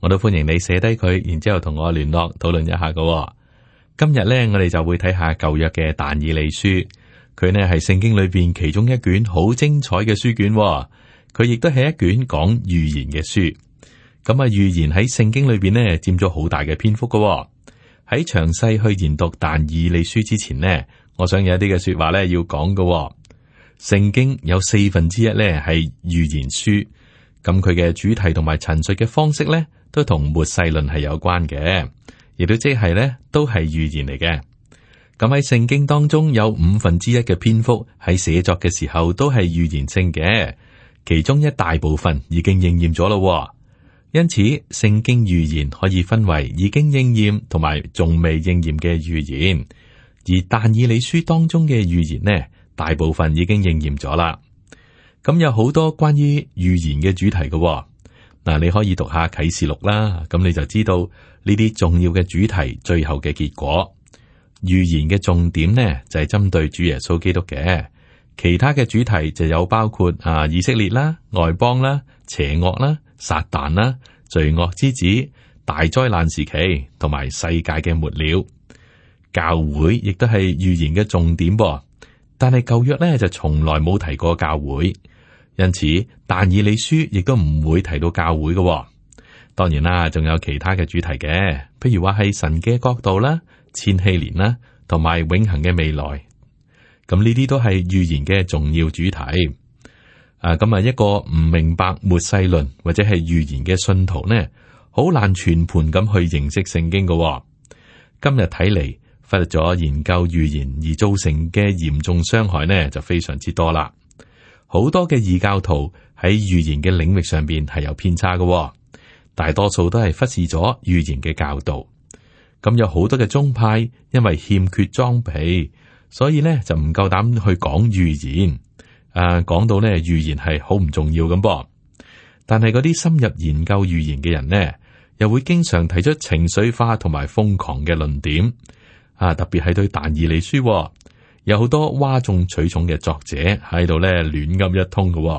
我都歡迎你寫低佢，然之後同我聯絡討論一下嘅。今日呢，我哋就會睇下舊約嘅但以理書。佢呢係聖經裏邊其中一卷好精彩嘅書卷。佢亦都係一卷講預言嘅書。咁啊，預言喺聖經裏邊呢佔咗好大嘅篇幅嘅。喺詳細去研讀但以理書之前呢，我想有一啲嘅說話呢要講嘅。聖經有四分之一呢係預言書，咁佢嘅主題同埋陳述嘅方式呢都同末世論係有關嘅，亦都即係咧，都係預言嚟嘅。咁喺聖經當中有五分之一嘅篇幅喺寫作嘅時候都係預言性嘅，其中一大部分已經應驗咗咯。因此，聖經預言可以分為已經應驗同埋仲未應驗嘅預言。而但以理書當中嘅預言呢，大部分已經應驗咗啦。咁有好多關於預言嘅主題嘅。嗱，你可以讀下啟示錄啦，咁你就知道呢啲重要嘅主題，最後嘅結果，預言嘅重點呢，就係針對主耶穌基督嘅，其他嘅主題就有包括啊以色列啦、外邦啦、邪惡啦、撒旦啦、罪惡之子、大災難時期同埋世界嘅末了，教會亦都係預言嘅重點噃，但係舊約呢，就從來冇提過教會。因此，但以理書亦都唔會提到教會嘅喎。當然啦、啊，仲有其他嘅主題嘅，譬如話係神嘅角度啦、千禧年啦，同埋永恒嘅未來。咁呢啲都係預言嘅重要主題。啊，咁啊，一個唔明白末世論或者係預言嘅信徒呢，好難全盤咁去認識聖經嘅喎。今日睇嚟，忽略咗研究預言而造成嘅嚴重傷害呢，就非常之多啦。好多嘅異教徒喺預言嘅領域上邊係有偏差嘅，哦，大多數都係忽視咗預言嘅教導。咁有好多嘅宗派因為欠缺裝備，所以咧就唔夠膽去講預言。誒、啊，講到咧預言係好唔重要咁噃。但係嗰啲深入研究預言嘅人呢，又會經常提出情緒化同埋瘋狂嘅論點。啊，特別係對但以理書，哦。有好多嘩眾取寵嘅作者喺度咧亂噏一通嘅嗱，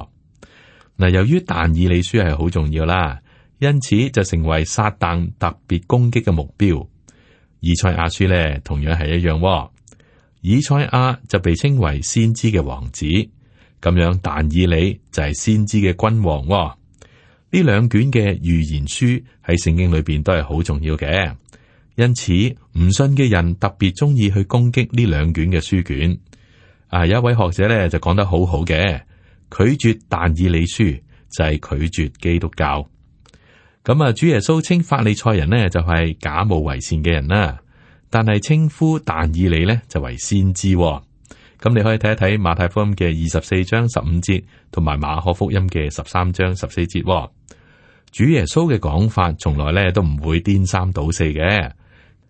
哦，由於但以理書係好重要啦，因此就成為撒旦特別攻擊嘅目標。以賽亞書咧同樣係一樣，哦，以賽亞就被稱為先知嘅王子，咁樣但以理就係先知嘅君王，哦。呢兩卷嘅預言書喺聖經裏邊都係好重要嘅。因此，唔信嘅人特別中意去攻擊呢兩卷嘅書卷。啊，有一位學者咧就講得好好嘅，拒絕但以理書就係、是、拒絕基督教。咁、嗯、啊，主耶穌稱法利賽人呢，就係、是、假冒為善嘅人啦，但係稱呼但以理呢，就為先知、哦。咁、嗯、你可以睇一睇馬太福音嘅二十四章十五節，同埋馬可福音嘅十三章十四節。主耶穌嘅講法從來咧都唔會顛三倒四嘅。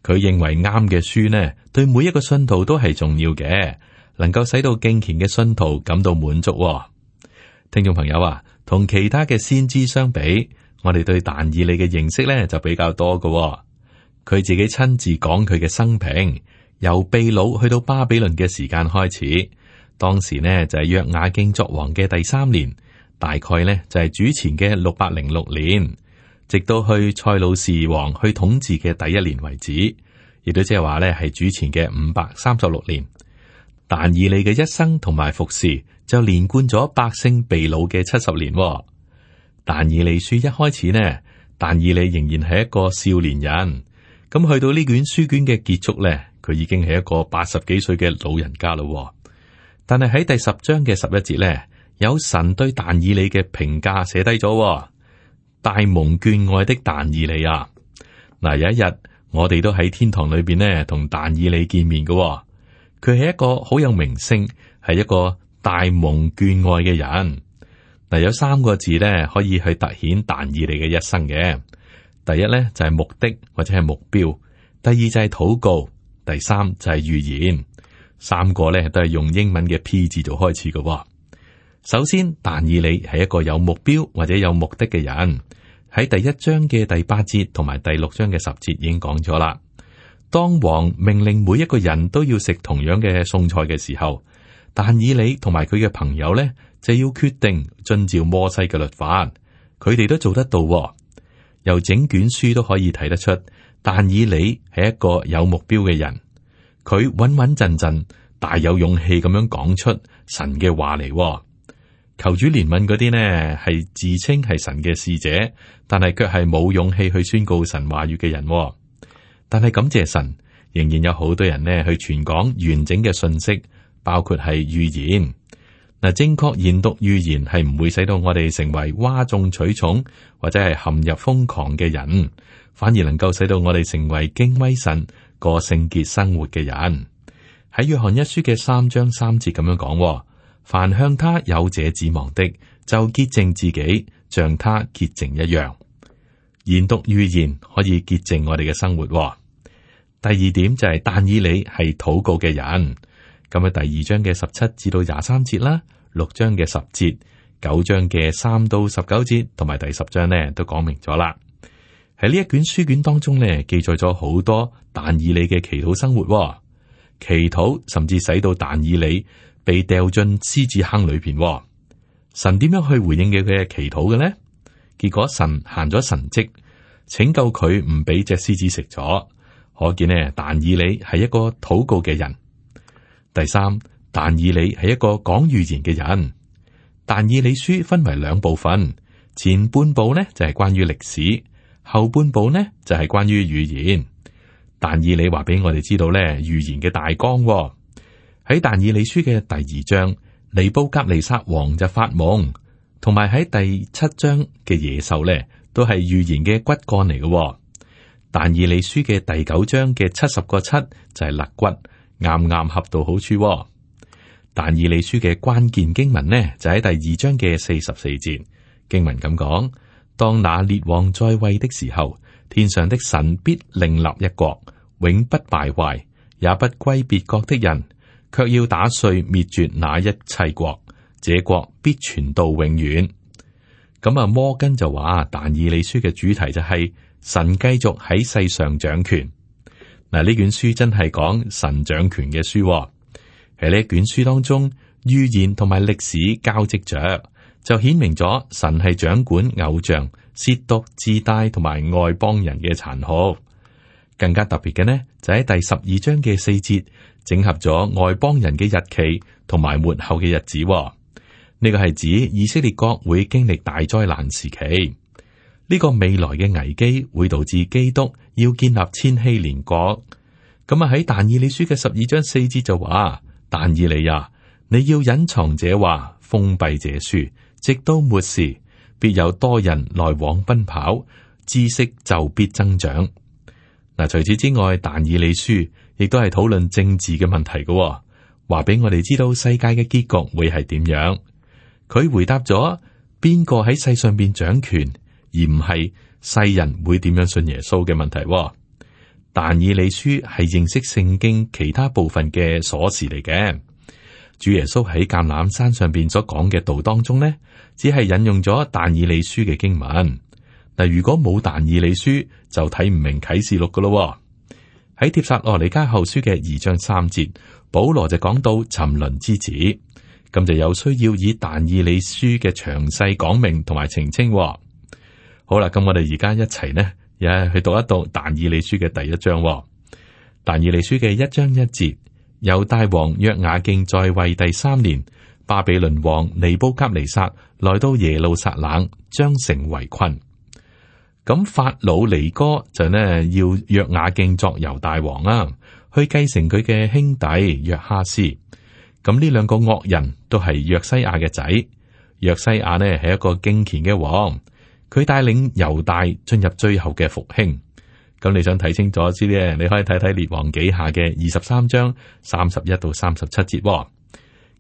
佢認為啱嘅書呢，對每一個信徒都係重要嘅，能夠使到敬虔嘅信徒感到滿足。哦，聽眾朋友啊，同其他嘅先知相比，我哋對但以理嘅認識呢就比較多嘅。哦，佢自己親自講佢嘅生平，由秘魯去到巴比倫嘅時間開始，當時呢就係約雅敬作王嘅第三年，大概呢就係主前嘅六百零六年。直到去塞魯士王去統治嘅第一年為止，亦都即係話咧係主前嘅五百三十六年。但以理嘅一生同埋服侍就連貫咗百姓被擄嘅七十年。但以理書一開始呢，但以理仍然係一個少年人。咁去到呢卷書卷嘅結束咧，佢已經係一個八十幾歲嘅老人家嘞。但係喺第十章嘅十一節咧，有神對但以理嘅評價寫低咗。大蒙眷愛的但以理啊，嗱有一日我哋都喺天堂裏邊咧，同但以理見面嘅、哦。佢係一個好有名聲，係一個大蒙眷愛嘅人。嗱有三個字咧，可以去突顯但以理嘅一生嘅。第一咧就係、是、目的或者係目標，第二就係禱告，第三就係預言。三個咧都係用英文嘅 P 字做開始嘅話、哦。首先，但以理係一個有目標或者有目的嘅人。喺第一章嘅第八節同埋第六章嘅十節已經講咗啦。當王命令每一個人都要食同樣嘅送菜嘅時候，但以理同埋佢嘅朋友咧，就要決定遵照摩西嘅律法。佢哋都做得到、哦。由整卷書都可以睇得出，但以理係一個有目標嘅人，佢穩穩陣陣大有勇氣咁樣講出神嘅話嚟、哦。求主憐憫嗰啲呢，係自稱係神嘅使者，但係卻係冇勇氣去宣告神話語嘅人，哦。但係感謝神，仍然有好多人呢去傳講完整嘅信息，包括係預言。嗱，正確研讀預言係唔會使到我哋成為嘩眾取寵或者係陷入瘋狂嘅人，反而能夠使到我哋成為敬畏神、過聖潔生活嘅人。喺約翰一書嘅三章三節咁樣講，哦。凡向他有者指望的，就潔淨自己，像他潔淨一樣。研讀預言可以潔淨我哋嘅生活、哦。第二點就係但以理係禱告嘅人。咁喺第二章嘅十七至到廿三節啦，六章嘅十節，九章嘅三到十九節，同埋第十章咧都講明咗啦。喺呢一卷書卷當中咧記載咗好多但以理嘅祈禱生活、哦，祈禱甚至使到但以理。被掉進獅子坑裏邊，神點樣去回應嘅佢嘅祈禱嘅呢？結果神行咗神蹟，拯救佢唔俾隻獅子食咗。可見呢，但以理係一個禱告嘅人。第三，但以理係一個講預言嘅人。但以理書分為兩部分，前半部呢就係、是、關於歷史，後半部呢就係、是、關於預言。但以理話俾我哋知道呢預言嘅大綱、哦。喺但以理書嘅第二章，尼布甲尼撒王就發夢，同埋喺第七章嘅野獸咧，都係預言嘅骨幹嚟嘅喎。但以理書嘅第九章嘅七十個七就係肋骨，啱啱合到好處喎。但以理書嘅關鍵經文呢，就喺第二章嘅四十四節經文咁講：當那列王在位的時候，天上的神必另立一國，永不敗壞，也不歸別國的人。卻要打碎滅絕那一切國，這國必存到永遠。咁啊，摩根就話：但以理書嘅主題就係、是、神繼續喺世上掌權。嗱，呢卷書真係講神掌權嘅書，喺呢卷書當中，預言同埋歷史交織着，就顯明咗神係掌管偶像、褻瀆、自大同埋外邦人嘅殘酷。更加特別嘅呢，就喺第十二章嘅四節。整合咗外邦人嘅日期同埋末後嘅日子、哦，呢個係指以色列國會經歷大災難時期，呢、這個未來嘅危機會導致基督要建立千禧年國。咁啊喺但以理書嘅十二章四節就話：但以理啊，你要隱藏這話，封閉這書，直到末時，必有多人來往奔跑，知識就必增長。嗱，除此之外，但以理書。亦都係討論政治嘅問題嘅、哦，話俾我哋知道世界嘅結局會係點樣。佢回答咗邊個喺世上邊掌權，而唔係世人會點樣信耶穌嘅問題、哦。但以理書係認識聖經其他部分嘅鎖匙嚟嘅。主耶穌喺橄欖山上邊所講嘅道當中呢，只係引用咗但以理書嘅經文。嗱，如果冇但以理書，就睇唔明啟示錄噶咯。喺帖撒羅尼加後書嘅二章三節，保羅就講到沉淪之子，咁就有需要以但以理書嘅詳細講明同埋澄清喎。好啦，咁我哋而家一齊呢，也去讀一讀但以理書嘅第一章喎。但以理書嘅一章一節，猶大王約雅敬在位第三年，巴比倫王尼布甲尼撒來到耶路撒冷，將城圍困。咁法老尼哥就呢要約雅敬作猶大王啊，去繼承佢嘅兄弟約哈斯。咁呢兩個惡人都係約西亞嘅仔。約西亞呢係一個敬虔嘅王，佢帶領猶大進入最後嘅復興。咁你想睇清楚啲咧，你可以睇睇列王記下嘅二十三章三十一到三十七節。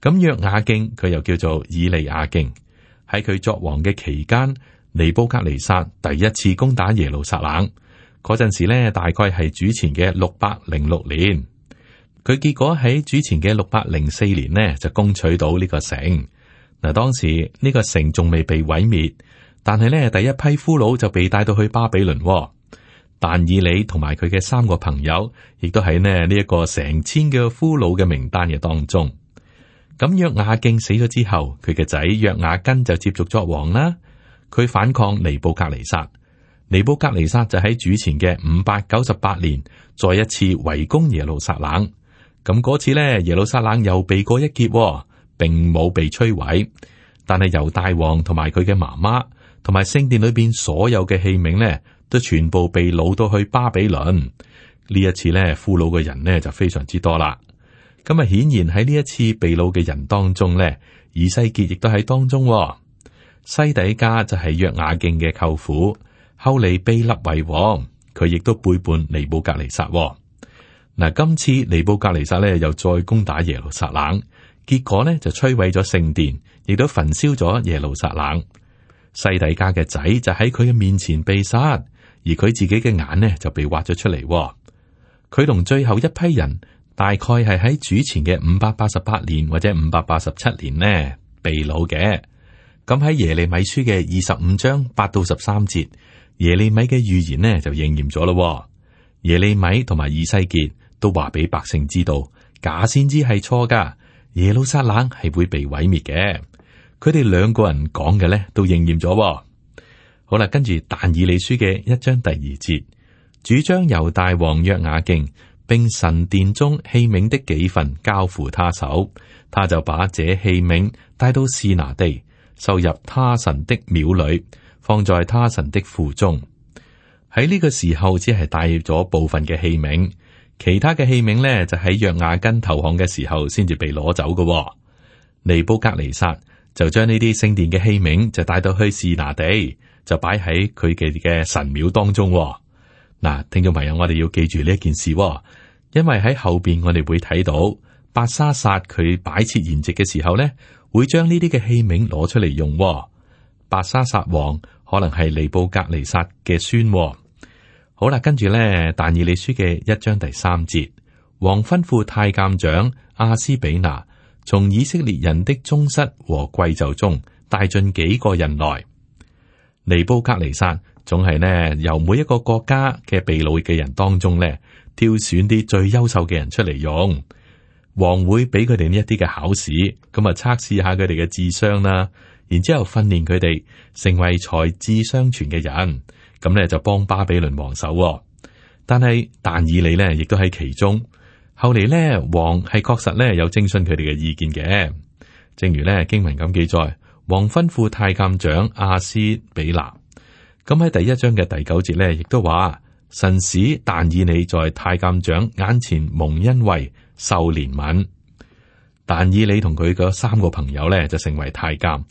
咁約雅敬，佢又叫做以利雅敬，喺佢作王嘅期間。尼布格尼撒第一次攻打耶路撒冷嗰陣時咧，大概係主前嘅六百零六年。佢結果喺主前嘅六百零四年咧就攻取到呢個城嗱。當時呢個城仲未被毀滅，但係呢第一批俘虜就被帶到去巴比倫哦。但以理同埋佢嘅三個朋友，亦都喺呢呢一個成千嘅俘虜嘅名單嘅當中。咁約雅敬死咗之後，佢嘅仔約雅根就接續作王啦。佢反抗尼布格尼撒，尼布格尼撒就喺主前嘅五百九十八年，再一次圍攻耶路撒冷。咁嗰次咧，耶路撒冷又避過一劫，哦，並冇被摧毀。但係猶大王同埋佢嘅媽媽，同埋聖殿裏邊所有嘅器皿呢，都全部被擄到去巴比倫。呢一次呢，俘虜嘅人呢，就非常之多啦。咁啊，顯然喺呢一次被擄嘅人當中呢，以西結亦都喺當中，哦。西底家就係約雅敬嘅舅父，後嚟被立為王，佢亦都背叛尼布格尼撒。嗱，今次尼布格尼撒呢又再攻打耶路撒冷，結果呢就摧毀咗聖殿，亦都焚燒咗耶路撒冷。西底家嘅仔就喺佢嘅面前被殺，而佢自己嘅眼呢就被挖咗出嚟。佢同最後一批人，大概係喺主前嘅五百八十八年或者五百八十七年呢被擄嘅。咁喺耶利米書嘅二十五章八到十三節，耶利米嘅預言呢就應驗咗咯。耶利米同埋以西結都話俾百姓知道假先知係錯噶耶路撒冷係會被毀滅嘅。佢哋兩個人講嘅呢都應驗咗。好啦，跟住但以理書嘅一章第二節，主將猶大王約雅敬，並神殿中器皿的幾分交付他手，他就把這器皿帶到示拿地。收入他神的廟裏，放在他神的庫中。喺呢個時候，只係帶咗部分嘅器皿，其他嘅器皿呢，就喺約亞根投降嘅時候先至被攞走嘅、哦。尼布格尼撒就將呢啲聖殿嘅器皿就帶到去士拿地，就擺喺佢哋嘅神廟當中、哦。嗱，聽眾朋友，我哋要記住呢一件事、哦，因為喺後邊我哋會睇到白沙殺佢擺設筵席嘅時候呢。會將呢啲嘅器皿攞出嚟用、哦，白沙撒王可能係尼布格尼撒嘅孫。好啦，跟住咧，但以理書嘅一章第三節，王吩咐太監長阿斯比拿，從以色列人的宗室和貴冑中帶進幾個人來。尼布格尼撒總係呢，由每一個國家嘅被擄嘅人當中咧，挑選啲最優秀嘅人出嚟用。王會俾佢哋呢一啲嘅考試，咁啊測試下佢哋嘅智商啦。然之後訓練佢哋成為才智雙全嘅人，咁咧就幫巴比倫王手。但係但以理呢，亦都喺其中。後嚟呢，王係確實呢有徵詢佢哋嘅意見嘅。正如呢經文咁記載，王吩咐太監長亞斯比納。咁喺第一章嘅第九節呢，亦都話神使但以理在太監長眼前蒙恩惠。受連文，但以理同佢嗰三個朋友呢，就成為太監，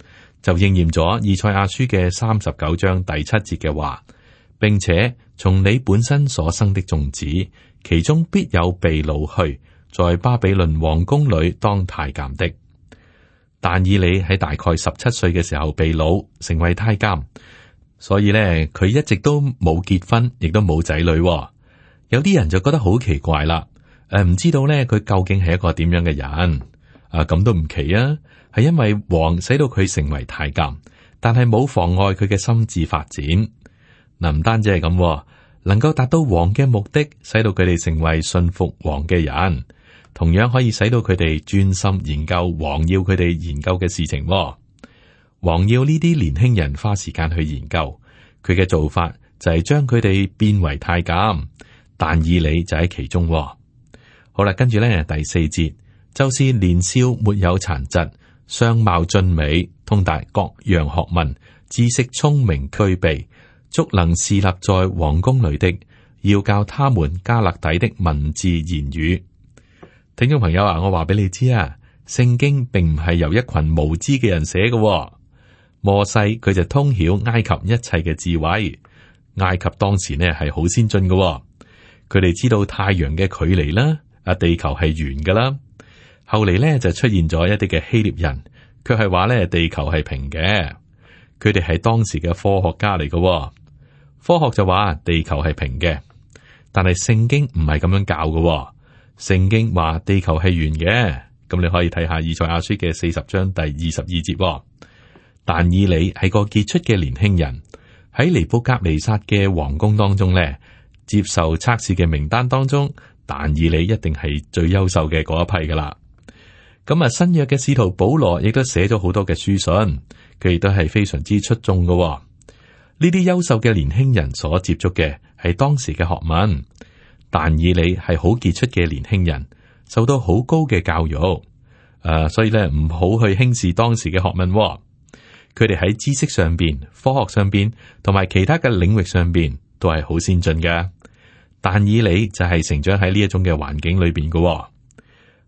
就應驗咗以賽亞書嘅三十九章第七節嘅話，並且從你本身所生的種子，其中必有被擄去，在巴比倫王宮裏當太監的。但以理喺大概十七歲嘅時候被擄，成為太監，所以呢，佢一直都冇結婚，亦都冇仔女。哦，有啲人就覺得好奇怪啦。誒，唔知道咧，佢究竟係一個點樣嘅人啊？咁都唔奇啊，係因為王使到佢成為太監，但係冇妨礙佢嘅心智發展。嗱、啊，唔單止係咁、啊，能夠達到王嘅目的，使到佢哋成為信服王嘅人，同樣可以使到佢哋專心研究王要佢哋研究嘅事情、啊。王要呢啲年輕人花時間去研究，佢嘅做法就係將佢哋變為太監，但以理就喺其中、啊。好啦，跟住咧第四節，就是年少沒有殘疾，相貌俊美，通達各樣學問，知識聰明俱備，足能侍立在王宮裏的。要教他們加勒底的文字言語。聽眾朋友啊，我話俾你知啊，聖經並唔係由一群無知嘅人寫嘅、哦。摩西佢就通曉埃及一切嘅智慧。埃及當時呢係好先進嘅、哦，佢哋知道太陽嘅距離啦。啊！地球係圓噶啦，後嚟咧就出現咗一啲嘅希臘人，佢係話咧地球係平嘅，佢哋係當時嘅科學家嚟噶。科學就話地球係平嘅，但係聖經唔係咁樣教噶。聖經話地球係圓嘅，咁你可以睇下以賽亞書嘅四十章第二十二節。但以理係個傑出嘅年輕人，喺尼布甲尼撒嘅皇宮當中咧，接受測試嘅名單當中。但以理一定係最優秀嘅嗰一批噶啦，咁啊新約嘅使徒保羅亦都寫咗好多嘅書信，佢亦都係非常之出眾嘅，哦，呢啲優秀嘅年輕人所接觸嘅係當時嘅學問，但以理係好傑出嘅年輕人，受到好高嘅教育，誒、呃，所以咧唔好去輕視當時嘅學問，哦，佢哋喺知識上邊、科學上邊同埋其他嘅領域上邊都係好先進嘅。但以理就係成長喺呢一種嘅環境裏邊嘅、哦。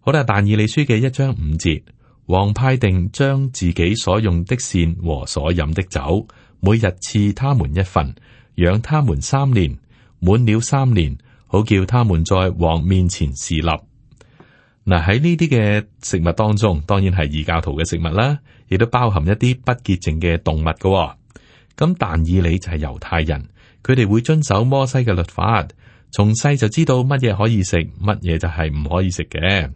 好啦，但以理書嘅一章五節，王派定將自己所用的膳和所飲的酒，每日賜他們一份，養他們三年。滿了三年，好叫他們在王面前侍立。嗱、啊，喺呢啲嘅食物當中，當然係異教徒嘅食物啦，亦都包含一啲不潔淨嘅動物嘅、哦。咁但以理就係猶太人，佢哋會遵守摩西嘅律法。從細就知道乜嘢可以食，乜嘢就係唔可以食嘅。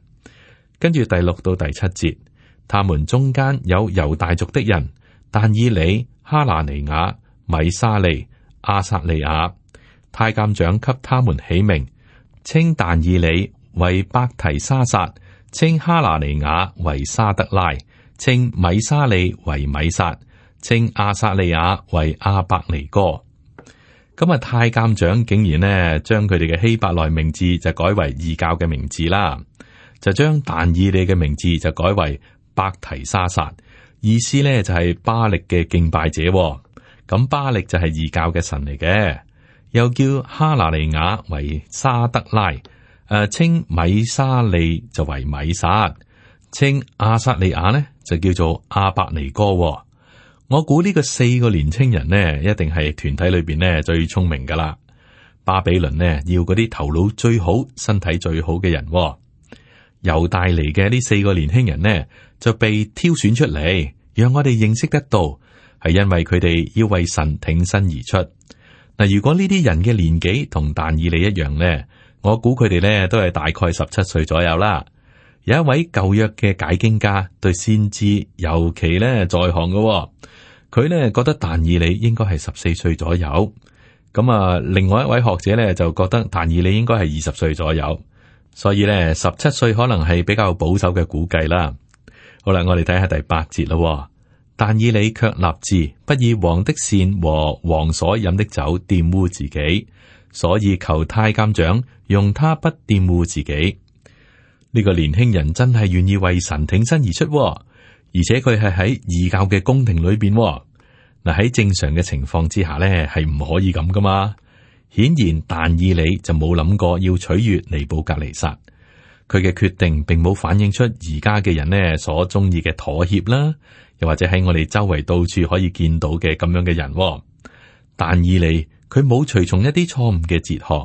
跟住，第六到第七節，他們中間有猶大族的人，但以理、哈拿尼雅、米沙利、阿撒利亞，太監長給他們起名，稱但以理為伯提沙撒，稱哈拿尼雅為沙得拉，稱米沙利為米撒，稱阿撒利亞為阿伯尼哥。咁啊，太監長竟然呢將佢哋嘅希伯來名字就改為異教嘅名字啦，就將但以理嘅名字就改為伯提沙撒，意思呢就係巴力嘅敬拜者。咁巴力就係異教嘅神嚟嘅，又叫哈拿利亞為沙德拉，誒，稱米沙利就為米撒，稱阿撒利亞呢就叫做阿伯尼哥。我估呢個四個年青人呢，一定係團體裏邊呢最聰明噶啦。巴比倫呢要嗰啲頭腦最好、身體最好嘅人喎，猶大嚟嘅呢四個年輕人呢就被挑選出嚟，讓我哋認識得到，係因為佢哋要為神挺身而出。嗱，如果呢啲人嘅年紀同但以理一樣呢，我估佢哋呢都係大概十七歲左右啦。有一位舊約嘅解經家對先知尤其呢在行噶喎。佢呢覺得但以理應該係十四歲左右，咁、嗯、啊，另外一位學者呢就覺得但以理應該係二十歲左右，所以呢，十七歲可能係比較保守嘅估計啦。好啦，我哋睇下第八節啦。但以理卻立志不以王的膳和王所飲的酒玷污自己，所以求太監長用他不玷污自己。呢、這個年輕人真係願意為神挺身而出、啊。而且佢係喺異教嘅宮廷裏邊嗱、哦，喺正常嘅情況之下咧，係唔可以咁噶嘛。顯然，但以理就冇諗過要取悅尼布甲尼撒。佢嘅決定並冇反映出而家嘅人咧所中意嘅妥協啦，又或者喺我哋周圍到處可以見到嘅咁樣嘅人。但以理佢冇隨從一啲錯誤嘅哲學，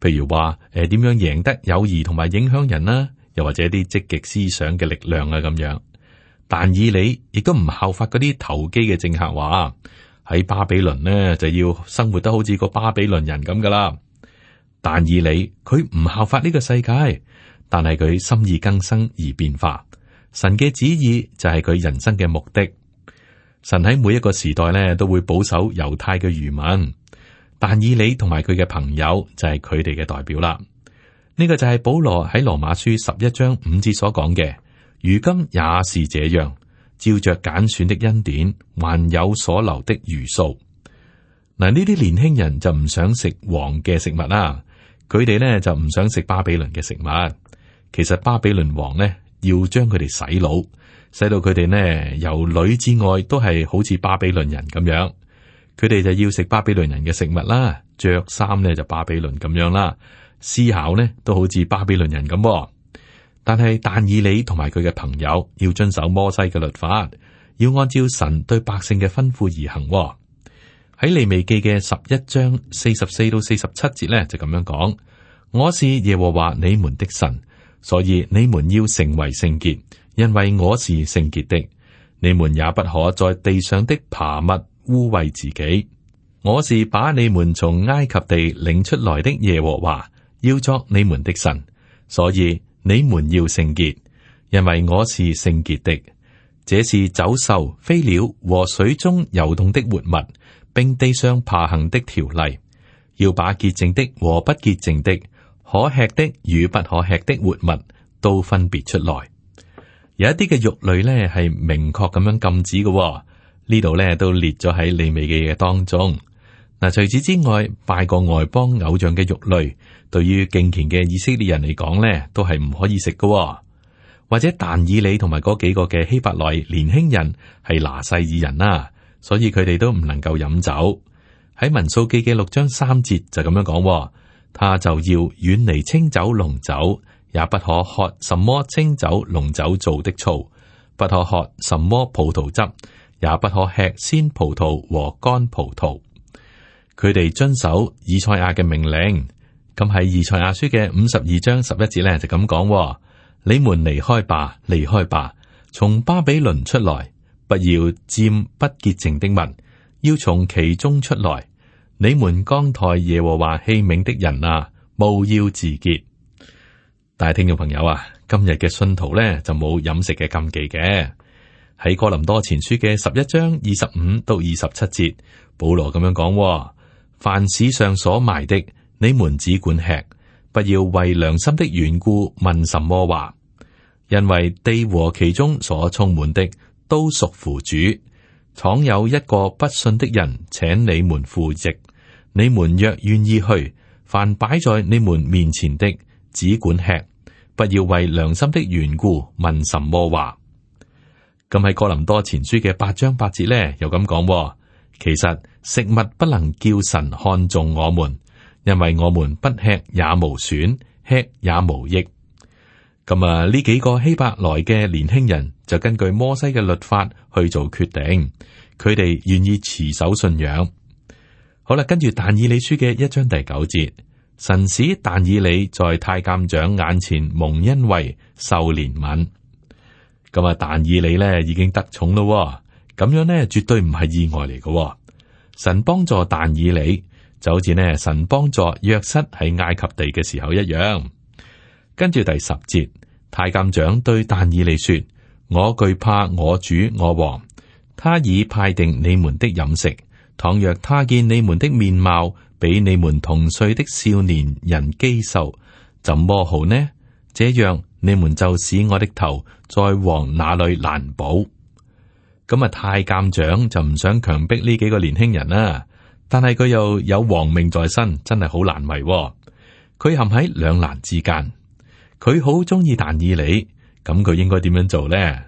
譬如話誒點樣贏得友誼同埋影響人啦，又或者一啲積極思想嘅力量啊，咁樣。但以理亦都唔效法嗰啲投機嘅政客話，喺巴比倫咧就要生活得好似個巴比倫人咁噶啦。但以理佢唔效法呢個世界，但係佢心意更新而變化。神嘅旨意就係佢人生嘅目的。神喺每一個時代咧都會保守猶太嘅餘民，但以理同埋佢嘅朋友就係佢哋嘅代表啦。呢個就係保羅喺羅馬書十一章五節所講嘅。如今也是這樣，照着揀選的恩典，還有所留的餘數。嗱，呢啲年輕人就唔想食王嘅食物啦，佢哋呢就唔想食巴比倫嘅食物。其實巴比倫王呢，要將佢哋洗腦，洗到佢哋呢由裡至外都係好似巴比倫人咁樣。佢哋就要食巴比倫人嘅食物啦，着衫呢就巴比倫咁樣啦，思考呢都好似巴比倫人咁。但係，但以理同埋佢嘅朋友要遵守摩西嘅律法，要按照神對百姓嘅吩咐而行，哦。喺利未記嘅十一章四十四到四十七節呢，就咁樣講：我是耶和華你們的神，所以你們要成為聖潔，因為我是聖潔的。你們也不可在地上的爬物污穢自己。我是把你們從埃及地領出來的耶和華，要作你們的神，所以。你們要聖潔，因為我是聖潔的。這是走獸、飛鳥和水中游動的活物，並地上爬行的條例，要把潔淨的和不潔淨的，可吃的與不可吃的活物都分別出來。有一啲嘅肉類呢，係明確咁樣禁止嘅，呢度呢，都列咗喺利未嘅嘢當中。嗱，除此之外，拜過外邦偶像嘅肉類。對於敬虔嘅以色列人嚟講呢，都係唔可以食嘅。哦，或者但以理同埋嗰幾個嘅希伯來年輕人係拿細爾人啦，啊，所以佢哋都唔能夠飲酒。喺民數記嘅六章三節就咁樣講。哦，他就要遠離清酒、龍酒，也不可喝什麼清酒、龍酒做的醋，不可喝什麼葡萄汁，也不可吃鮮葡萄和乾葡萄。佢哋遵守以賽亞嘅命令。咁係《以賽亞書》嘅五十二章十一節咧，就咁講：，你們離開吧，離開吧，從巴比倫出來，不要沾不潔淨的物，要從其中出來。你們扛抬耶和華器皿的人啊，務要自潔。但係聽眾朋友啊，今日嘅信徒咧，就冇飲食嘅禁忌嘅。喺哥林多前書嘅十一章二十五到二十七節，保羅咁樣講：，凡市上所賣的。你們只管吃，不要為良心的緣故問什麼話。因為地和其中所充滿的都屬乎主。倘有一個不信的人，請你們赴席，你們若願意去，凡擺在你們面前的，只管吃，不要為良心的緣故問什麼話。咁喺哥林多前書嘅八章八節咧，又咁講。其實食物不能叫神看重我們。因為我們不吃也無損，吃也無益。咁啊，呢幾個希伯來嘅年輕人就根據摩西嘅律法去做決定。佢哋願意持守信仰。好啦，跟住但以理書嘅一章第九節，神使但以理在太監長眼前蒙恩惠，受憐憫。咁啊，但以理呢已經得寵咯，咁樣呢，絕對唔係意外嚟嘅。神幫助但以理。就好似呢神幫助約瑟喺埃及地嘅時候一樣，跟住第十節，太監長對但以理說：我懼怕我主我王，他已派定你們的飲食。倘若他見你們的面貌比你們同歲的少年人肌瘦，怎麼好呢？這樣你們就使我的頭在王那裏難保。咁啊，太監長就唔想強迫呢幾個年輕人啦。但係佢又有王命在身，真係好難為、哦。佢陷喺兩難之間，佢好中意但以理，咁佢應該點樣做咧？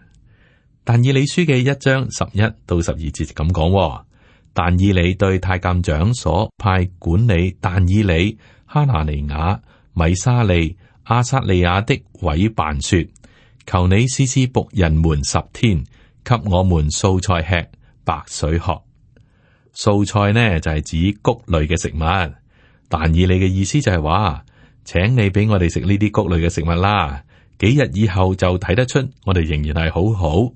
但以理書嘅一章十一到十二節咁講、哦：，但以理對太監長所派管理但以理哈拿尼亞米沙利亞撒利亞的委辦說：，求你試試僕人們十天，給我們素菜吃，白水喝。素菜呢就係、是、指谷類嘅食物，但以理嘅意思就係、是、話，請你俾我哋食呢啲谷類嘅食物啦。幾日以後就睇得出我哋仍然係好好，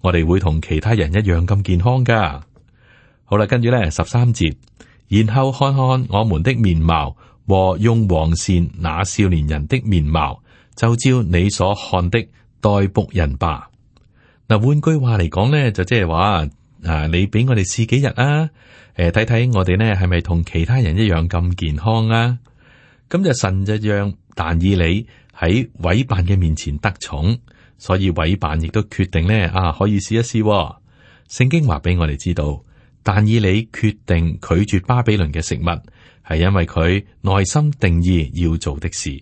我哋會同其他人一樣咁健康噶。好啦，跟住呢十三節，然後看看我們的面貌和用王膳那少年人的面貌，就照你所看的待僕人吧。嗱，換句話嚟講呢就即係話。啊！你俾我哋試幾日啊？誒、呃，睇睇我哋呢係咪同其他人一樣咁健康啊？咁就神就讓但以理喺委辦嘅面前得寵，所以委辦亦都決定呢：「啊，可以試一試啊。」聖經話俾我哋知道，但以理決定拒絕巴比倫嘅食物，係因為佢內心定義要做的事。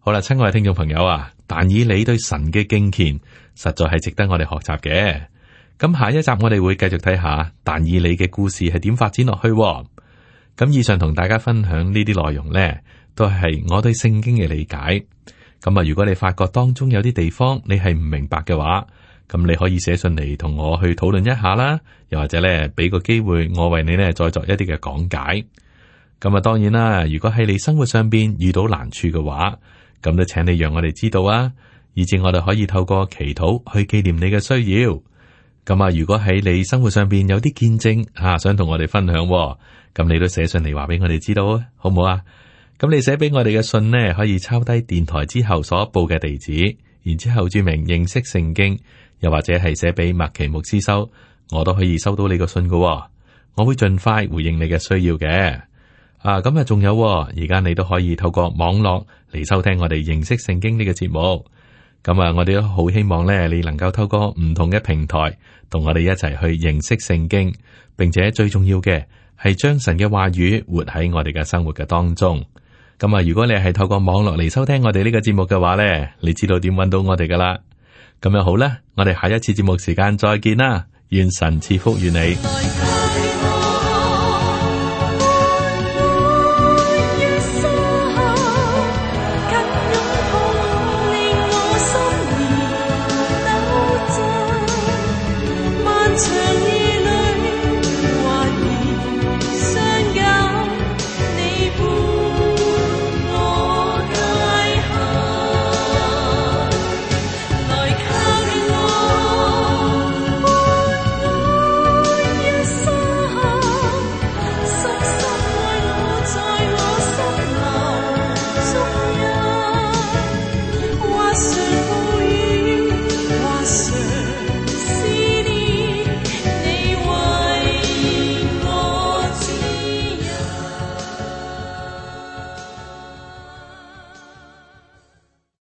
好啦，親愛嘅聽眾朋友啊，但以理對神嘅敬虔實在係值得我哋學習嘅。咁下一集我哋會繼續睇下但以理嘅故事係點發展落去，哦。咁以上同大家分享呢啲內容呢，都係我對聖經嘅理解。咁啊，如果你發覺當中有啲地方你係唔明白嘅話，咁你可以寫信嚟同我去討論一下啦。又或者呢俾個機會我為你呢再作一啲嘅講解。咁啊，當然啦，如果喺你生活上邊遇到難處嘅話，咁都請你讓我哋知道啊，以至我哋可以透過祈禱去紀念你嘅需要。咁啊，如果喺你生活上邊有啲見證吓、啊，想同我哋分享，咁、啊、你都寫信嚟話俾我哋知道啊，好唔好啊？咁你寫俾我哋嘅信咧，可以抄低電台之後所報嘅地址，然之後注明認識聖經，又或者係寫俾麥奇牧師收，我都可以收到你個信噶，我會盡快回應你嘅需要嘅。啊，咁啊，仲有、啊，而家你都可以透過網絡嚟收聽我哋認識聖經呢個節目。咁啊，我哋都好希望咧，你能夠透過唔同嘅平台同我哋一齊去認識聖經，並且最重要嘅係將神嘅話語活喺我哋嘅生活嘅當中。咁啊，如果你係透過網絡嚟收聽我哋呢個節目嘅話咧，你知道點揾到我哋噶啦。咁又好啦，我哋下一次節目時間再見啦。願神賜福與你。